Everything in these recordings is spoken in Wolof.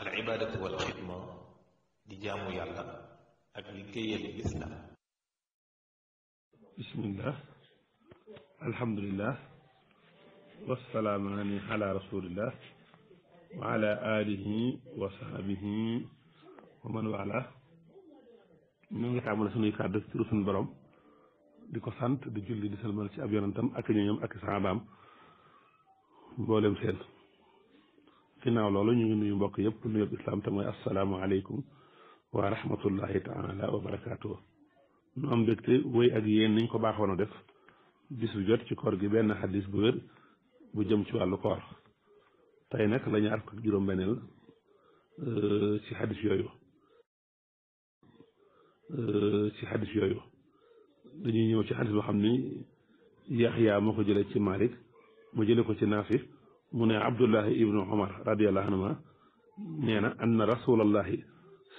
al ibaadatu wal xidma di jaamu yàlla ak liggéeyal lislaam bismillah alhamdulillah wassalaamaani ala rasulillah wa ala alihi wa sahbihi wa man wala ñoo ngi tàmbale sunuy kàddu ci suñu borom di ko sant di julli di salmal ci ab yonantam ak ñooñam ak sahabaam mboolem seen ginnaaw loolu ñu ngi nuyu mbokk yëpp nuyoob islam te mooy asalaamaaleykum wa rahmatullahi taala wa barakaatu. nu am mbégte wéy ak yéen niñ ko baaxoon a def bisu jot ci koor gi benn xadis bu wér bu jëm ci wàllu koor tey nag la ñaar fukk ak juróom-benneel euh, ci xadis yooyu euh, ci xadis yooyu dañuy ñëw ci xadis boo xam ni yaxyaa moo ko jële ci Malik mu jëlee ko ci Naafi. mu ne abdullahi ibnu umar radiallahu anhuma nee na anna rasulallahi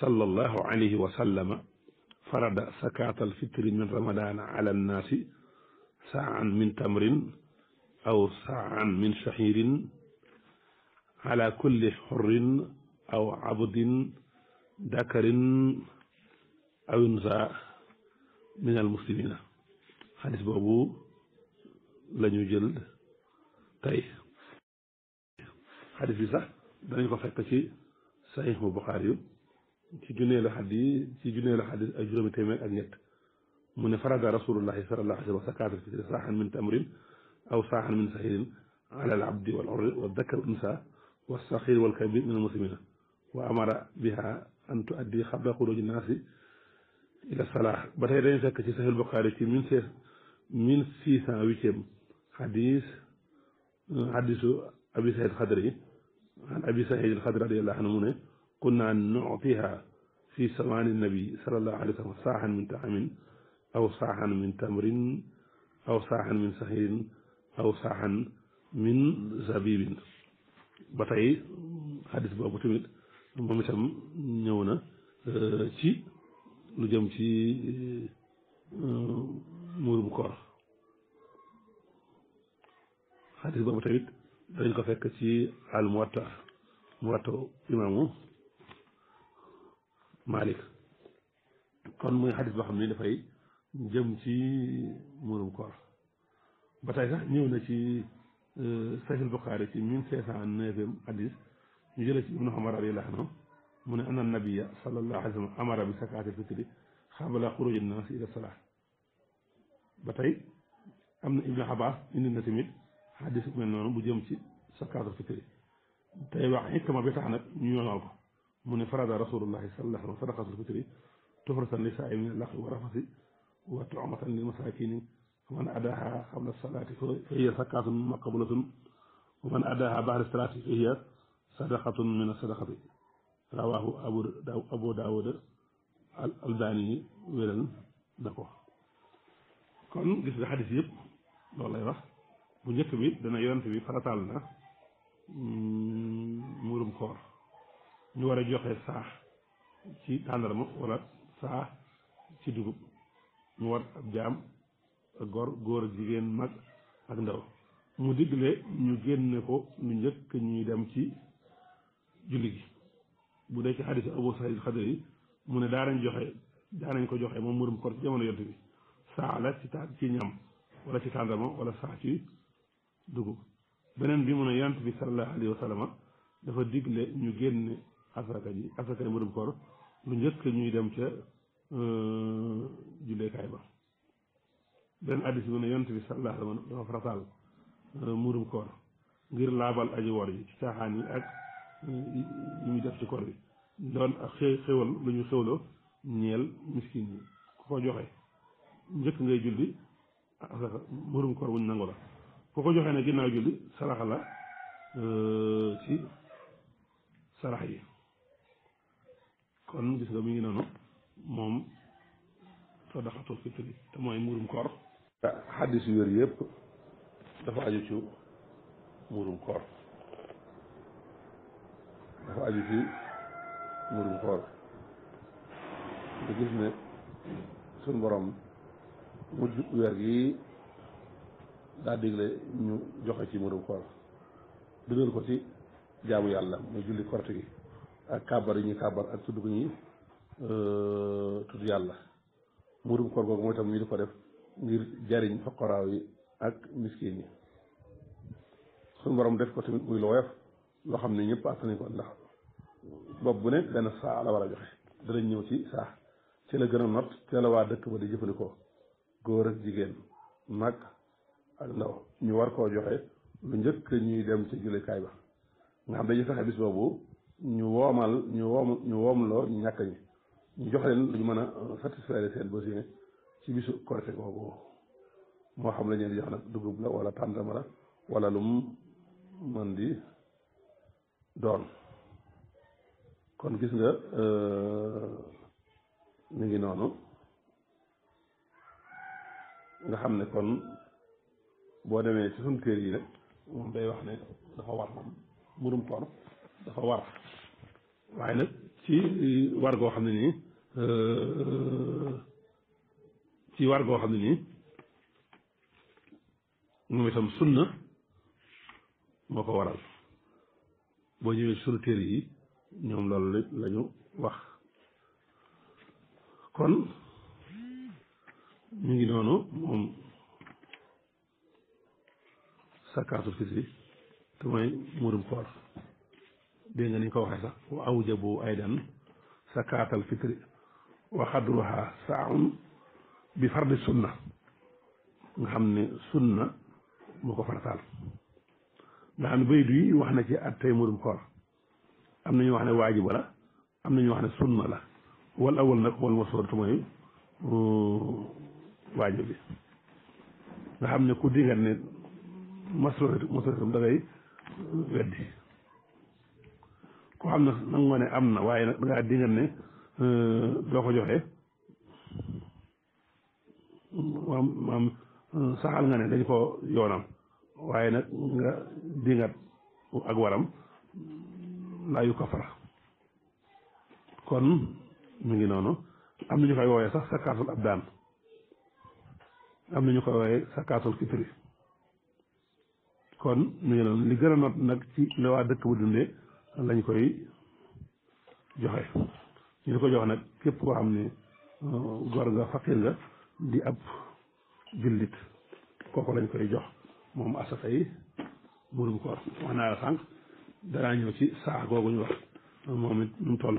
sallallahu alayhi wa sallama farada sakaatal fitri min ramadana ala annaasi saan min tamrin aw saan min shahirin ala kulli xurrin aw abdin dakarin aw unsa min almuslimina xadis boobu la ñu jël tey xadis bi sax danañ ko fekk ci saxiixu Buxaari yu ci junneelu xadis ci junneelu xadis ak juróomi téeméer ak ñett mu ne farada rasulullahi sallallahu alayhi wa zakaata fitri saaxan min tamrin aw saaxan min saxirin ala al abdi wal urdi wa dakar unsa wa saxir wal kabir min al muslimina wa amara biha an tuaddi xabla xuruji naasi ila salaa ba tey dañu fekk ci saxiixu Buxaari ci mille six mille six cent huitième xadis xadisu abi saïd xadri an abi saïd alxadri radiallahu anhu mu ne kunna nutiha fi samaani nabi sallallahu alayhi wa sallam saaxan min taamin aw saaxan min tamrin aw saaxan min saxirin aw saaxan min zabibin ba tey xadis boobu tamit moom itam ñëw na euh, ci lu jëm ci euh, muurum koor xadis boobu tamit dañ ko fekk ci al muwatta muwatta imaamu Malik kon muy xadis boo xam ni dafay jëm ci mburum koor ba tey sax ñëw na ci euh, sahih Bukhari ci mille cinq cent neuvième xadis ñu jëlee ci ibnu Umar radiyallahu anhu mu ne anna nabiya sallallahu alayhi wa sallam amara bi zakaati fitri xabala xuruji naas ila salaat ba tey am na ibnu Abbas indi na tamit xadis mel noonu bu jëm ci zakaatul fitri tey wax xikma bi tax nag ñu yoonal ko mu ne farada rasulullahi sallallahu alayhi wa sallam sadaqatul fitri tufratan li saa'imin laqi wa rafasi wa tu'matan lil masakini faman adaaha qabla salaati fa hiya zakaatun maqbulatun wa man adaaha ba'da salaati fa hiya sadaqatun min as-sadaqati rawaahu abu abu daawuda al albani wéral na ko kon gis nga xadis yëpp loolu lay wax bu njëkk bi dana yonent bi farataal na mm, muurum koor ñu war a joxe saax ci tàndarma wala saax ci dugub mu war ab jaam ak góor góor ak jigéen mag ak ndaw mu digle ñu génne ko lu njëkk ñuy dem ci julli gi bu dee ci xadis Abu Saïd Xadri yi mu ne daanañ joxe daanañ ko joxe moom muurum koor ci jamono yonent bi saax la ci ta ci ñam wala ci tàndarma wala saax ci dugub beneen bi mu ne yonent bi sallallahu alayhi wa dafa digle ñu génne asaka ji asaka yi mbirum koor lu njëkk ñuy dem ca euh, julleekaay ba beneen addis bi mu ne yonent bi sallallahu dafa farataal euh, mbirum koor ngir laabal aji wor yi ci caaxaan yi ak euh, yi muy def ci koor bi doon ak xëy xewal lu ñu xewloo ñeel miskin yi ku ko joxe njëkk ngay julli asaka mbirum koor bu ñu nangu la ku ko joxee ne ginnaaw julli sarax la euh, ci sarax yi kon gis nga mu ngi noonu moom sadaqatul fitri te mooy murum koor ah, xaddis yu wér yëpp dafa aju ci murum koor dafa aju ci murum koor nga gis ne suñ borom mujj weer gi daa dégle ñu joxe ci mbirum koor dugal ko ci jaamu yàlla muy julli korte gi ak kàbbar yi ñuy kàbbar ak tudd ko ñuy euh, tudd yàlla murum koor googu mooy tam ko def ngir jariñ foqaraaw yi ak miskin yi suñu def ko tamit muy lu woyof loo xam ne ñëpp àtt nañ ko ndax bopp bu ne benn saa la a joxe danañ ñëw ci saa ci la gën a not ci la waa dëkk ba di jëfandikoo góor ak jigéen mag ak ndaw ñu war koo joxe lu njëkk ñuy dem ci jullikaay ba nga xam dañuy fexe bis boobu ñu woomal ñu woom ñu woomloo ñu ñàkk ñi ñu jox leen lu ñu mën a euh, satisfaire seen besoin ci bisu korite boobu moo xam la ñu di jox nag dugub la wala tàndama la wala lu mu mën di doon kon gis nga euh, mi ngi noonu nga xam ne kon boo demee ci suñ kër yi nag moom day wax ne dafa war moom mburum koor dafa war waaye nag ci war goo xam ne nii euh, ci war xam ne nii moom itam sunna moo ko waral boo ñëwee sunu téere yi ñoom loolu la ñu wax kon ñu ngi noonu moom sakaatul fitri te mooy murum koor dégg nga ni ñu ko waxee sax wa awjabu aydan sakaatal fitri wa xadruha saaun bi fardi sunna nga xam ne sunna moo ko farataal nga xam ne baydu yi wax na ci at tey murum koor am na ñu wax ne waajiba la am na ñu wax ne sunna la wal awal nag wal masuuratu mooy uh, waajib bi nga xam ne ku digal ne masroor masroor da ngay weddi ku xam na nag ne am na waaye nag da ngaa dinga euh, ko joxe maam euh, nga dañ ko yoonam waaye nag nga dingat ak waram laa yu kon mu ngi noonu am na ñu koy wooyee sax sakaatul abdaan am na ñu koy wooyee sakaatul fitri kon ñu ngi noonu li gën a not nag ci la waa dëkk bu dundee lañ koy joxe ñu di ko jox nag képp koo xam ne uh, gor nga fakkiir nga di ab jullit kooku lañ koy jox moom asaka yi murum koor wax naa ci saa googu ñu wax moom it nu mu toll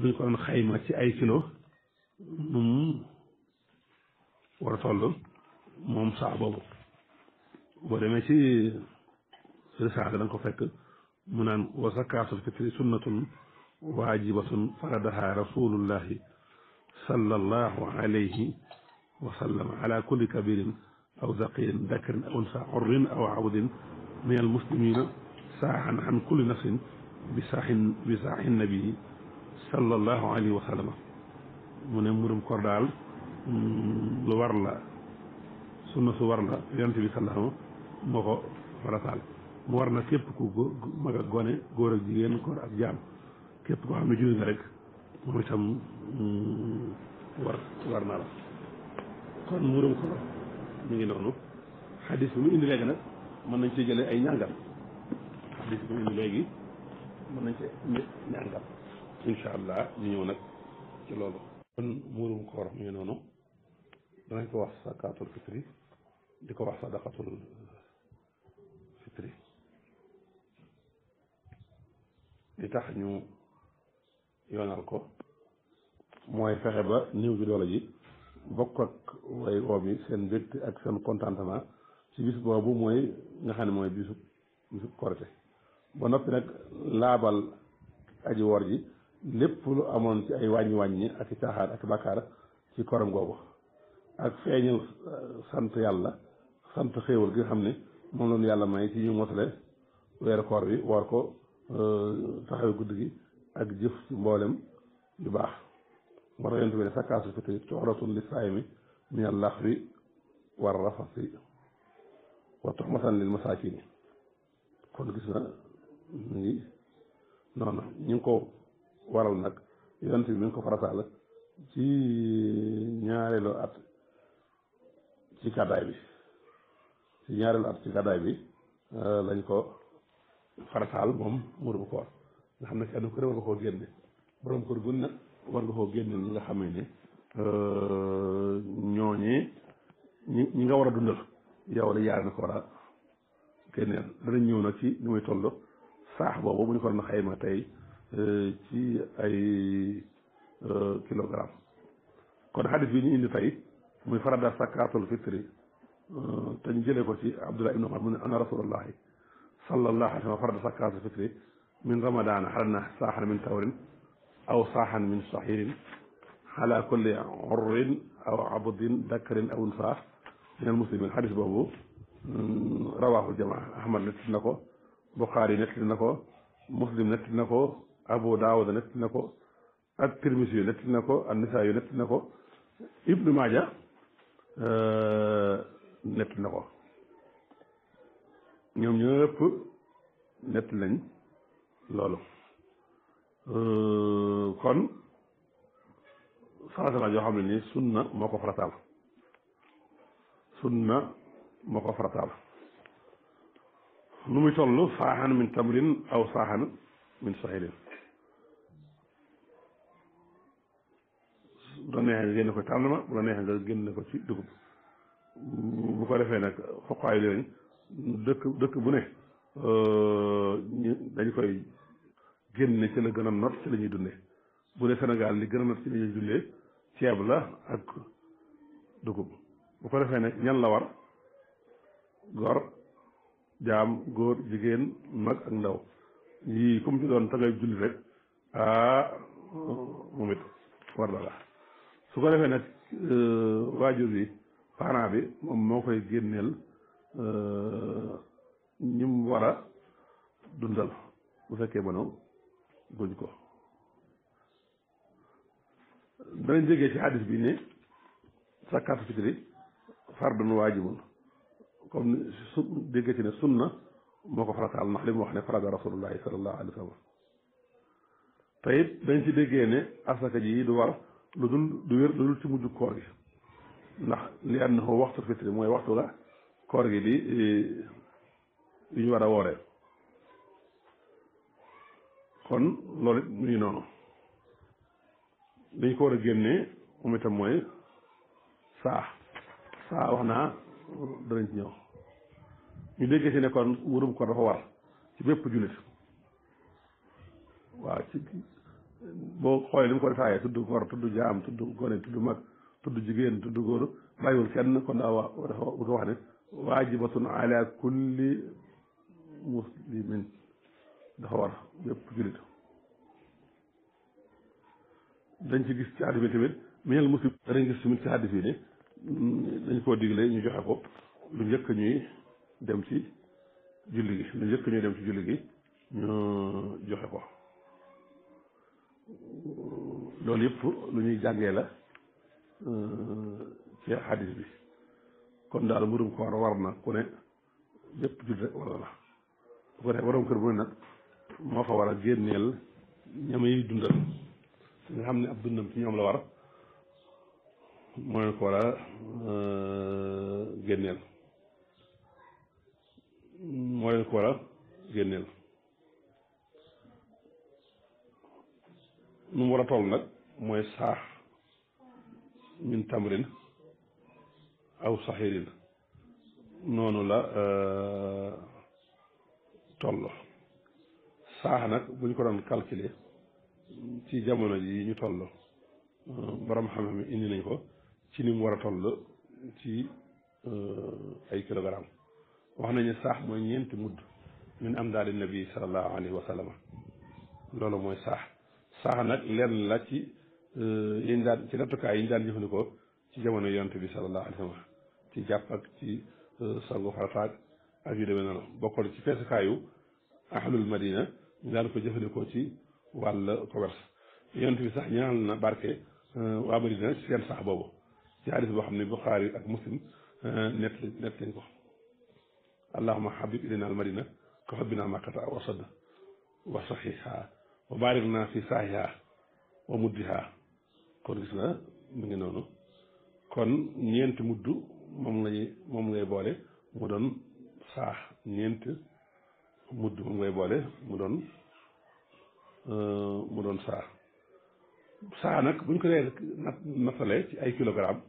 luñ ko doon xayma ci ay kilo nu mu war a toll moom saa boobu boo demee ci risaala da nga ko fekk mu naan wa zakaatul fitri sunnatun waajibatun faradaha rasulullahi sallallahu alayhi wa sallam ala kulli kabirin aw zaqirin dakarin aw unsa urrin aw abdin min almuslimina saahan an kulli nafsin bi saahin bi saahin nabii sallallahu alayhi wa sallam mu ne murum kor daal mm, lu war la sunna su war la yonent bi sallallahu moo ko farataal mu war na képp ku mag ak gone góor ak jigéen góor ak jaam képp koo xam ne jullit nga rek moom itam mm, war war na la kon muurum koor mi ngi noonu xadis bi mu indi léegi nag mën nañ ci jëlee ay ñàngal xadis bi mu indi léegi mën nañ ci ñàngal insha allah ñu ñëw nag ci loolu kon muurum koor mi ngi noonu danañ ko wax sakaatul fitri di ko wax sadaqatul li tax ñu yoonal ko mooy fexe ba néew ji doole ji bokk ak way oom yi seen bët ak seen contentement ci bis boobu mooy nga xam ne mooy bisu bisu korite ba noppi nag laabal aji woor ji lépp lu amoon ci ay wàññi wàññi ak i caaxaan ak bàkkaar ci koram googu ak feeñal euh, sant yàlla sant xéewal gi nga xam ne moom la ñu yàlla may ci ñu motale weeru koor bi war ko euh, taxawe guddi gi ak jëf ci mboolem yu baax moo tax yonent bi ne sakkaatul fitri cooratun mi saayimi min al-laxwi war rafasi wa toxmatan lil masaakin kon gis na mu ngi noonu ñu ngi ko waral nag yonent bi mu ngi ko farataal ci ñaareelu at ci kàddaay bi ci ñaareelu at ci gàddaay bi euh, lañ ko farataal moom murum koor nga xam ne kenn ku ne war nga koo génne borom kër gun nag war nga koo génne nga xamee ne euh, ñooñi ñi ñi nga war a dundal yow la yaar na ko war a génneel danañ ñëw nag ci ni muy toll saax boobu bu ñu ko doon xayma tey euh, ci ay kilogramme kon xadis bi ñu indi tey muy farada sakaatul fitri Euh, te ñu jëlee ko ci Abdullah ibn Umar mu ne ana rasulullahi sallallahu alayhi wa sallam farada zakaatal fitri min ramadana xalana saaxan min tawrin aw saaxan min saxiirin ala kulli urrin aw abdin dakarin aw unsaa min al muslimin xadis boobu mm, rawaahu jamaa ahmad netti na ko buxaari netti na ko muslim netti na ko abu daawud netti na ko ak tirmisi yu netti na ko an nisaa yu netti na ko ibnu maaja euh, nett na ko ñoom ñëpp nett nañ loolu euh, kon farataal yoo xam ne nii sunna moo ko farataal sunna moo ko farataal nu muy toll saaxan min tamrin aw saaxan min sahilin bu la neexee nga génn ko tànn ma bu la neexee nga génn ko ci dugub bu ko defee nag foqaay leen dëkk dëkk bu ne euh, dañ koy génne ci la gën a not ci la ñuy dundee bu dee senegal li gën a not ci la ñuy ceeb la ak dugub bu ko defee nag ñan la war gor jaam góor jigéen mag ak ndaw yii comme ci doon tagay julli rek ah moom war na su ko defee nag euh, waajur yi parent bi moom moo koy génneel euh, ñim war a dundal bu fekkee mënu guñ ko danañ jógee ci hadis bi ne zakaatu fitri fardun waajibun comme su déggee ci ne sunna moo ko farataal ndax li mu wax ne farada rasulullahi sallallahu alayhi wa sallam te dañ ci déggee ne asaka ji du war lu dul du wér lu dul ci mujj koor gi ndax li annahu waxtu fitri mooy waxtu la koor gi di yu ñu war a wooree kon loolu it mu ngi noonu dañ ko war a génnee moom mooy saa saa wax naa danañ ci ñëw ñu déggee si ne kon wóorum koor dafa war ci bépp jullit waaw ci boo xoolee li mu ko defaaye tudd koor tudd jaam tudd gone tudd mag tudd jigéen tudd góor bàyyiwul kenn kon daa wa dafa wax ne waajibatun ala kulli muslimin dafa war bépp jullit dañ ci gis ci àdduna tamit minal muslim danañ gis tamit ci àdduna yi ne dañ koo digle ñu joxe ko lu njëkk ñuy dem ci julli gi lu njëkk ñuy dem ci julli gi ñu joxe ko loolu yëpp lu ñuy jàngee la ci xadis bi kon daal mburum koor war na ku ne jëpp jullit rek wala la bu ko defee borom kër bu ne nag moo fa war a génneel ñamay dundal nga xam ne ab dundam ci ñoom la war mooy ko war a euh, génneel mooy ko war a génneel nu mu war a toll nag mooy saa min tamrin aw saxirin noonu la euh, toll saax nag bu ñu ko doon calculer ci jamono ji ñu toll euh, borom xam-xam indi nañ ko ci ni mu war a toll ci euh, ay kilogramme wax nañu saax mooy ñeenti mudd min am daal di nabi sallallahu alayhi wa loolu mooy saax saax nag lenn la ci yi ñu daan ci nattukaay yi ñu daan jëfandikoo ci jamono yonent bi sallallahu alayhi wa sallam ci jàpp ak ci euh, sangu farataag ak yu demee noonu bokkoon ci feesukaayu ahlul madina ñu daan ko jëfandikoo ci wàll commerce yonent bi sax ñaanal na barke euh, waa madina seen sax boobu ci hadis boo xam ne buxaari ak muslim euh, net net lañ ko allahuma habib ilayna al madina ka hubbina makkata wa sadda wa saxiha fi saahiha wa muddiha kon gis na mu ngi noonu kon ñeenti mudd moom ngay moom ngay boole mu doon saax ñeenti mudd moom ngay boole mu doon euh, mu doon saax saa nag buñ ko dee nat nattalee ci ay kilogramme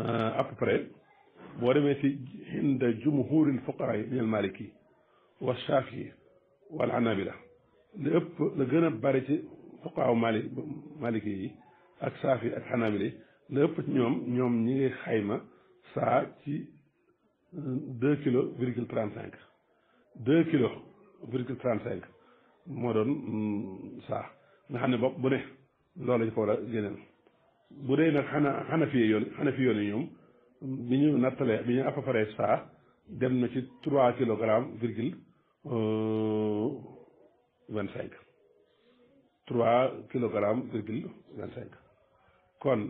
euh, à peu boo demee ci inda jumhuril fuqara yi minal maliki wa shafi wal anabila la ëpp la gën a bari ci fuqaaw mali maliki yi ak saafi ak xanaabila la ëpp ñoom ñoom ñi ngi xayma saa ci euh, deux kilos virgule trente cinq deux kilos virgule trente cinq moo doon mm, saa nga xam ne bopp bu ne loolu lañ ko war a génneel bu dee nag xana xanafi yoon xanafi yoon yi ñoom bi ñu nattalee bi ñu appafaree saa dem na ci trois kilogrammes virgule euh, vingt cinq trois kilogrammes virgule vingt kon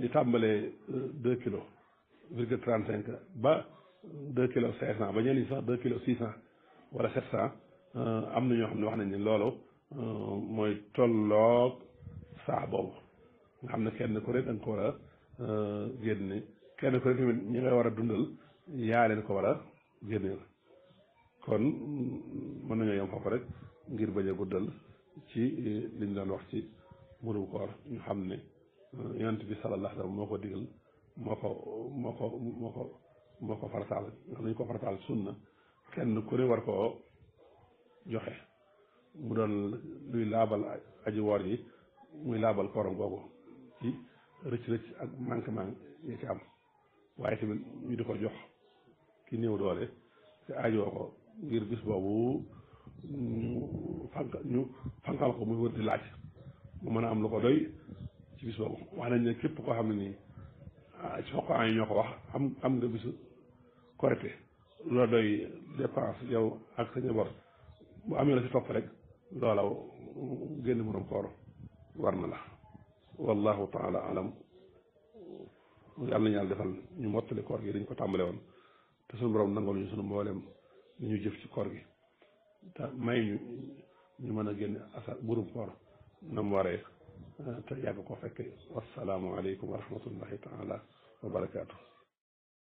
li tàmbalee euh, deux kilos virgule trente cinq ba deux kilos cinq cent ba ñenn ñi sax deux kilos six cent wala sept cent euh, am na ñoo xam ne wax nañ ne loolu euh, mooy tolloog saa boobu nga xam ne kenn ku ne da nga ko war génne kenn ku ne tamit ñi ngay war a dundal yaa leen ko war a génneel kon mën nañoo yem foofu rek ngir bañ a guddal ci liñ doon wax ci mbirum koor ñu xam ne sallallahu alayhi moo ko digal moo ko moo ko moo ko moo ko farataal ndax dañu ko farataal sunna kenn ku ne war koo joxe mu doon luy laabal aji woor yi muy laabal korom googu ci rëcc-rëcc ak manquement yi ci am waaye tamit ñu di ko jox ki néew doole ci aajoo ko ngir bis boobu ñu fank ñu fankal ko muy wër di laaj mu mën a am lu ko doy ci bis boobu wax nañ ne képp koo xam ne nii ah, ci fokk yi ñoo am nga bisu korite loola doy dépense yow ak sa njaboot bu amee la si topp rek loola génn moroom koor war na la wallahu taala alam yàlla nañu yàlla defal ñu mottali koor gi dañ ko tàmbale woon te suñu borom nangol ñu suñu mboolem ñu jëf ci koor gi te may ñu ñu mën a génn asal burum koor na mu waree te yàgg ko fekke wasalaamualeykum wa rahmatullahi taala wa barakaatu.